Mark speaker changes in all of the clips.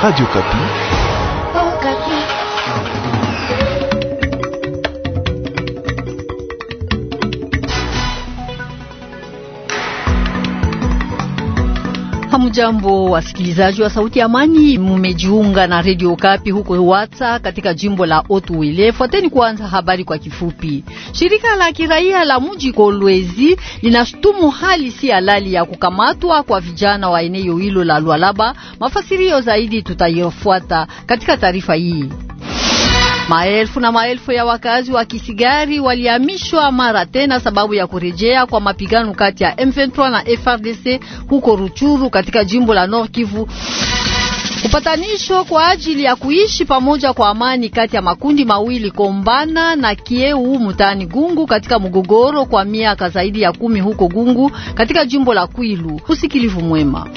Speaker 1: Radio Kapi.
Speaker 2: Hamjambo, wasikilizaji wa Sauti ya Amani, mumejiunga na Redio Kapi huko Watsa katika jimbo la Otuwele. Fuateni kuanza habari kwa kifupi. Shirika la kiraia la mji Kolwezi linashutumu hali si halali ya kukamatwa kwa vijana wa eneo hilo la lwalaba Mafasirio zaidi tutayofuata katika taarifa hii. Maelfu na maelfu ya wakazi wa Kisigari walihamishwa mara tena sababu ya kurejea kwa mapigano kati ya M23 na FRDC huko Ruchuru katika jimbo la North Kivu. Kupatanisho kwa ajili ya kuishi pamoja kwa amani kati ya makundi mawili Kombana na Kieu mtaani Gungu katika mgogoro kwa miaka zaidi ya kumi huko Gungu katika jimbo la Kwilu. Usikilivu mwema.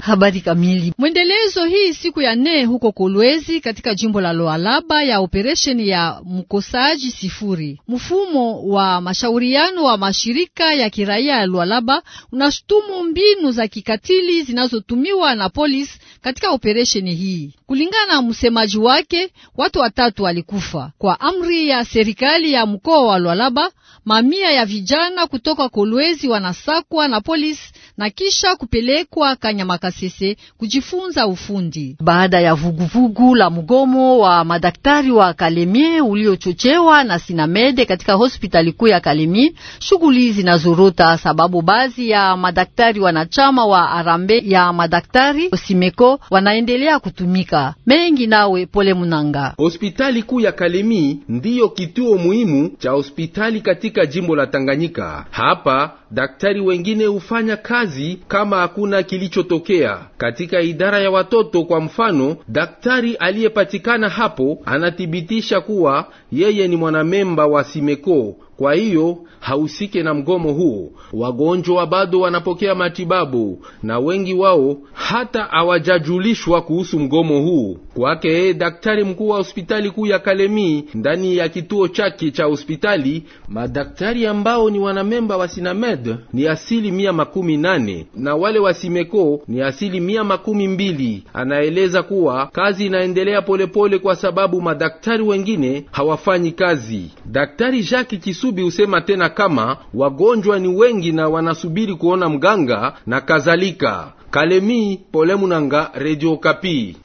Speaker 2: Habari kamili. Mwendelezo hii siku ya nne huko Kolwezi katika jimbo la Loalaba ya operesheni ya mkosaji sifuri. Mfumo wa mashauriano wa mashirika ya kiraia ya Loalaba unashutumu mbinu za kikatili zinazotumiwa na polisi katika operesheni hii. Kulingana na msemaji wake, watu watatu walikufa kwa amri ya serikali ya mkoa wa Lwalaba. Mamia ya vijana kutoka Kolwezi wanasakwa na polisi na kisha kupelekwa Kanyamakasese kujifunza ufundi baada ya vuguvugu vugu la mgomo wa madaktari wa Kalemie uliochochewa na Sinamede katika hospitali kuu ya Kalemie. Shughuli zinazorota sababu baadhi ya madaktari wanachama wa Arambe ya madaktari Simeko wanaendelea kutumika mengi. Nawe pole Munanga.
Speaker 3: Hospitali kuu ya Kalemi ndiyo kituo muhimu cha hospitali katika jimbo la Tanganyika. Hapa daktari wengine hufanya kazi kama hakuna kilichotokea. Katika idara ya watoto, kwa mfano, daktari aliyepatikana hapo anathibitisha kuwa yeye ni mwanamemba wa Simeko kwa hiyo hausike na mgomo huo. Wagonjwa bado wanapokea matibabu na wengi wao hata hawajajulishwa kuhusu mgomo huu. Kwake daktari mkuu wa hospitali kuu ya Kalemi, ndani ya kituo chake cha hospitali, madaktari ambao ni wanamemba wa Sinamed ni asili mia makumi nane na wale wa Simeko ni asili mia makumi mbili. Anaeleza kuwa kazi inaendelea polepole pole kwa sababu madaktari wengine hawafanyi kazi. Daktari Jacques Kisu Masubi husema tena kama wagonjwa ni wengi na wanasubiri kuona mganga na kadhalika. Kalemi polemunanga Munanga, Radio Kapi.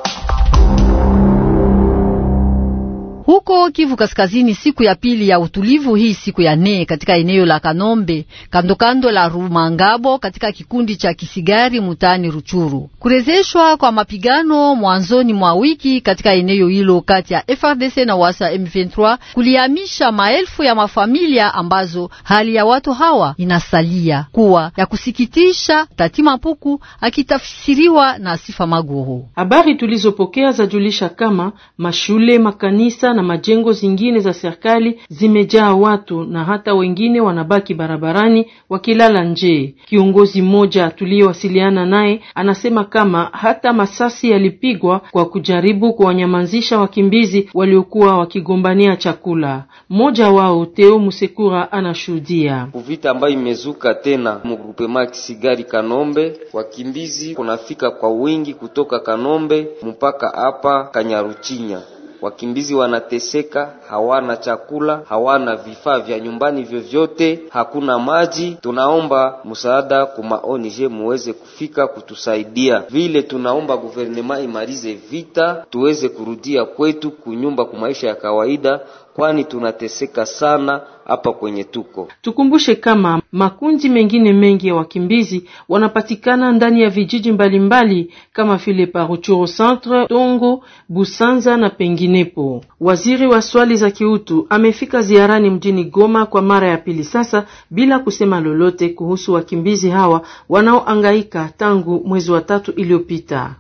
Speaker 2: huko Kivu Kaskazini, siku ya pili ya utulivu hii siku ya nne katika eneo la Kanombe kandokando la Rumangabo katika kikundi cha Kisigari mutani Ruchuru. Kurezeshwa kwa mapigano mwanzoni mwa wiki katika eneo hilo kati ya FRDC na wasa M23 kulihamisha maelfu ya mafamilia ambazo hali ya watu hawa inasalia
Speaker 4: kuwa ya kusikitisha. Tatima Puku akitafsiriwa na Sifa Maguhu. Habari tulizopokea zajulisha kama mashule, makanisa na majengo zingine za serikali zimejaa watu na hata wengine wanabaki barabarani wakilala nje. Kiongozi mmoja tuliyowasiliana naye anasema kama hata masasi yalipigwa kwa kujaribu kuwanyamazisha wakimbizi waliokuwa wakigombania chakula. Mmoja wao teo Musekura anashuhudia
Speaker 1: kuvita ambayo imezuka tena mgrupema Kisigari Kanombe. Wakimbizi kunafika kwa wingi kutoka Kanombe mpaka hapa Kanyaruchinya. Wakimbizi wanateseka, hawana chakula, hawana vifaa vya nyumbani vyovyote, hakuna maji. Tunaomba msaada kuma ONG muweze kufika kutusaidia. Vile tunaomba guvernema imalize vita, tuweze kurudia kwetu kunyumba, kwa maisha ya kawaida kwani tunateseka sana hapa kwenye tuko.
Speaker 4: Tukumbushe kama makundi mengine mengi ya wakimbizi wanapatikana ndani ya vijiji mbalimbali mbali, kama vile Paruchuru Centre, Tongo, Busanza na penginepo. Waziri wa swali za kiutu amefika ziarani mjini Goma kwa mara ya pili sasa bila kusema lolote kuhusu wakimbizi hawa wanaoangaika tangu mwezi wa tatu iliyopita.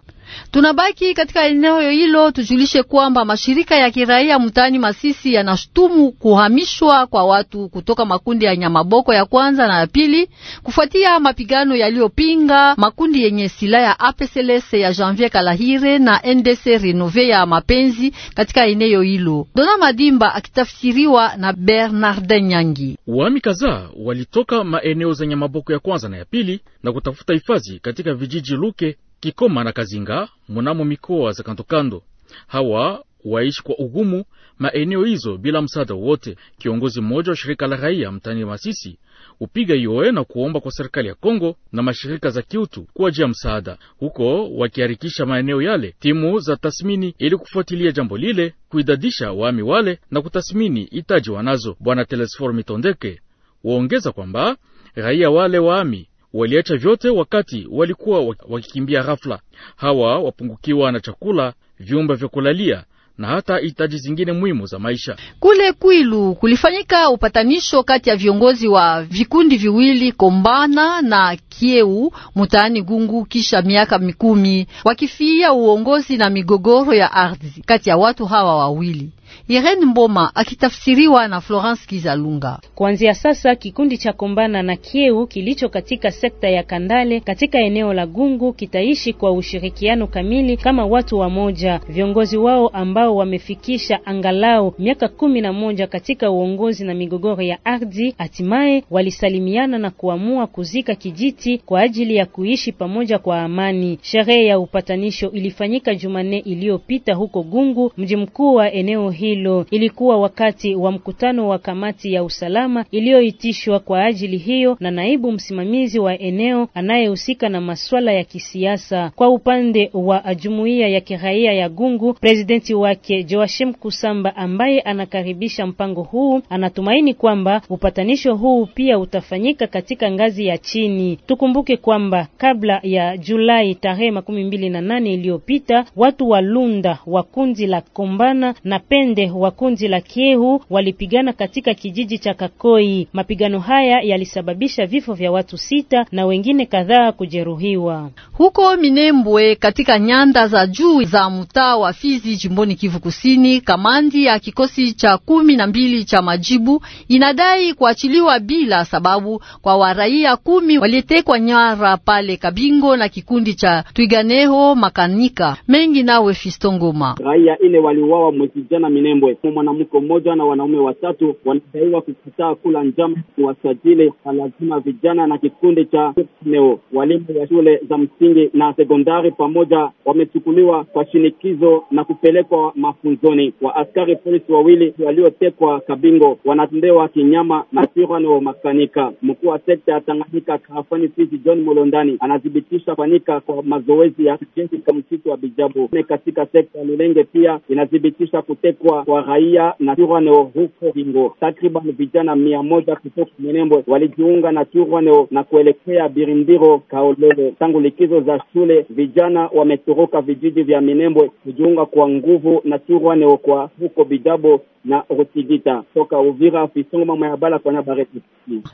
Speaker 2: Tunabaki katika eneo hilo, tujulishe kwamba mashirika ya kiraia mtaani Masisi yanashtumu kuhamishwa kwa watu kutoka makundi ya nyamaboko ya kwanza na ya pili kufuatia mapigano yaliyopinga makundi yenye silaha ya APCLS ya Janvier Kalahire na NDC Renove ya mapenzi katika eneo hilo. Dona Madimba akitafsiriwa na Bernard Nyangi.
Speaker 3: Wami kadhaa walitoka maeneo za nyamaboko ya kwanza na ya pili na kutafuta hifadhi katika vijiji Luke Kikoma na Kazinga munamo mikoa za kandokando. Hawa waishi kwa ugumu maeneo hizo bila msaada wote. Kiongozi mmoja wa shirika la raia mtani Masisi upiga yoe na kuomba kwa serikali ya Kongo na mashirika za kiutu kuwajia msaada huko, wakiharikisha maeneo yale timu za tathmini ili kufuatilia jambo lile, kuidadisha waami wale na kutathmini hitaji wanazo. Bwana Telesfor Mitondeke waongeza kwamba raia wale waami waliacha vyote wakati walikuwa wakikimbia ghafla. Hawa wapungukiwa na chakula, vyumba vya kulalia na hata hitaji zingine muhimu za maisha.
Speaker 2: Kule Kwilu kulifanyika upatanisho kati ya viongozi wa vikundi viwili Kombana na Kieu mutaani Gungu kisha miaka mikumi wakifia uongozi na migogoro ya ardhi kati ya watu hawa wawili. Irene Mboma
Speaker 5: akitafsiriwa na Florence Kizalunga. Kuanzia sasa kikundi cha kombana na kieu kilicho katika sekta ya Kandale katika eneo la Gungu kitaishi kwa ushirikiano kamili kama watu wamoja. Viongozi wao ambao wamefikisha angalau miaka kumi na moja katika uongozi na migogoro ya ardhi, hatimaye walisalimiana na kuamua kuzika kijiti kwa ajili ya kuishi pamoja kwa amani. Sherehe ya upatanisho ilifanyika Jumanne iliyopita huko Gungu, mji mkuu wa eneo hii hilo. Ilikuwa wakati wa mkutano wa kamati ya usalama iliyoitishwa kwa ajili hiyo na naibu msimamizi wa eneo anayehusika na masuala ya kisiasa. Kwa upande wa jumuiya ya kiraia ya Gungu, presidenti wake Joashim Kusamba ambaye anakaribisha mpango huu anatumaini kwamba upatanisho huu pia utafanyika katika ngazi ya chini. Tukumbuke kwamba kabla ya Julai tarehe makumi mbili na nane iliyopita watu wa Lunda wa kundi la Kombana na Penda upande wa kundi la Kiehu walipigana katika kijiji cha Kakoi. Mapigano haya yalisababisha vifo vya watu sita na wengine kadhaa kujeruhiwa.
Speaker 2: Huko Minembwe katika nyanda za juu za mtaa wa Fizi jimboni Kivu Kusini, kamandi ya kikosi cha kumi na mbili cha majibu inadai kuachiliwa bila sababu kwa waraia kumi walitekwa nyara pale Kabingo na kikundi cha Twiganeho Makanika mengi nawe fistongoma
Speaker 1: Raia ine waliuawa mwezi jana Minembwe. Mwanamke mmoja na wanaume watatu wanadaiwa kukataa kula njama kuwasajili na lazima vijana na kikundi cha eneo. Walimu wa shule za msingi na sekondari pamoja wamechukuliwa kwa shinikizo na kupelekwa mafunzoni. Wa askari polisi wawili waliotekwa Kabingo wanatendewa kinyama na Tirano Makanika. Mkuu wa sekta ya Tanganyika kafani sisi John Molondani anathibitisha fanika kwa mazoezi ya kijeshi kwa msitu wa Bijabu. Katika sekta ya Lulenge pia inathibitisha kutekwa kwa, kwa raia na huko Bingo. Takriban vijana mia moja kutoka Minembwe walijiunga na Turwaneo na kuelekea Birindiro Kaolele. Tangu likizo za shule, vijana wametoroka vijiji vya Minembwe kujiunga kwa nguvu na Turwaneo kwa huko bijabo na Rutigita. Toka Uvira ya bala kwa Nabareti.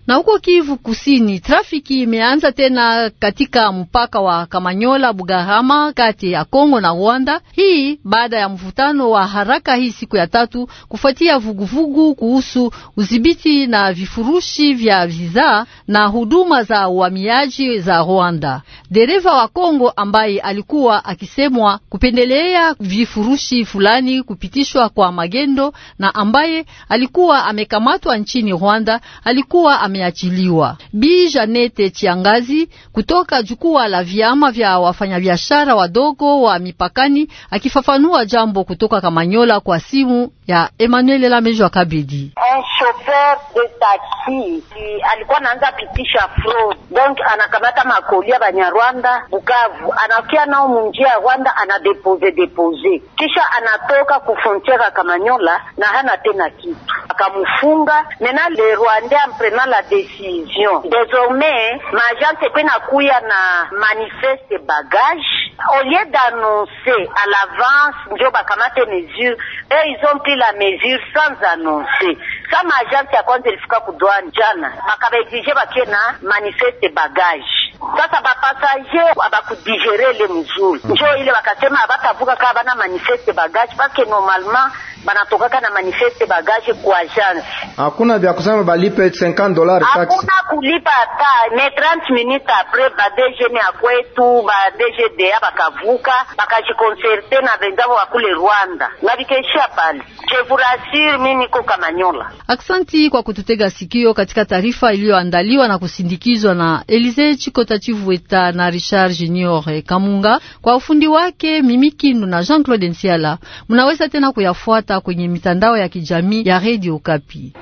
Speaker 2: Na huko Kivu Kusini, trafiki imeanza tena katika mpaka wa Kamanyola Bugarama kati ya Kongo na Rwanda, hii baada ya mvutano wa haraka hii siku ya tatu kufuatia vuguvugu kuhusu udhibiti na vifurushi vya vizaa na huduma za uhamiaji za Rwanda. Dereva wa Kongo ambaye alikuwa akisemwa kupendelea vifurushi fulani kupitishwa kwa magendo na ambaye alikuwa amekamatwa nchini Rwanda alikuwa ameachiliwa. Bi Janete Chiangazi kutoka jukwaa la vyama vya wafanyabiashara wadogo wa mipakani akifafanua jambo kutoka Kamanyola kwa simu ya Emmanuel Lamejo Akabedi.
Speaker 6: Shofer de taxi alikuwa anaanza pitisha fraud, donc anakamata makolia Banyarwanda Bukavu, anakia nao munjia ya Rwanda, anadepose depose, kisha anatoka kufrontiere Kamanyola na hana tena kitu, akamfunga mena. Le Rwandais a la decision désormais, majante pe nakuya na manifeste bagage au lieu d'annoncer à l'avance ndio bakamate mesure sasa ils ont pris la mesure sans annoncer. Kama agence ya kwanza ilifika kudwani jana, bakabaexige bakie na manifeste bagage. Sasa bapasaje abakudigere ile mzuri, mm. njo ile wakasema abatavuka kaa bana manifeste bagage parce que normalement banatokaka na manifeste bagage ku agence.
Speaker 3: Hakuna vya kusema balipe 50 dollars tax. Hakuna
Speaker 6: kulipa hata me 30 minutes apres ba DG ya kwetu ba DGDA bakavuka bakajikonserte na wenzao wa kule Rwanda na vikaishia pale. Je vous rassure, mimi niko Kamanyola.
Speaker 2: Aksanti kwa kututega sikio katika taarifa iliyoandaliwa na kusindikizwa na Elise Chikota Chivueta na Richard Junior Kamunga kwa ufundi wake, Mimi Kindu na Jean-Claude Nsiala. Mnaweza tena kuyafuata hata kwenye mitandao ya kijamii ya Radio Kapi.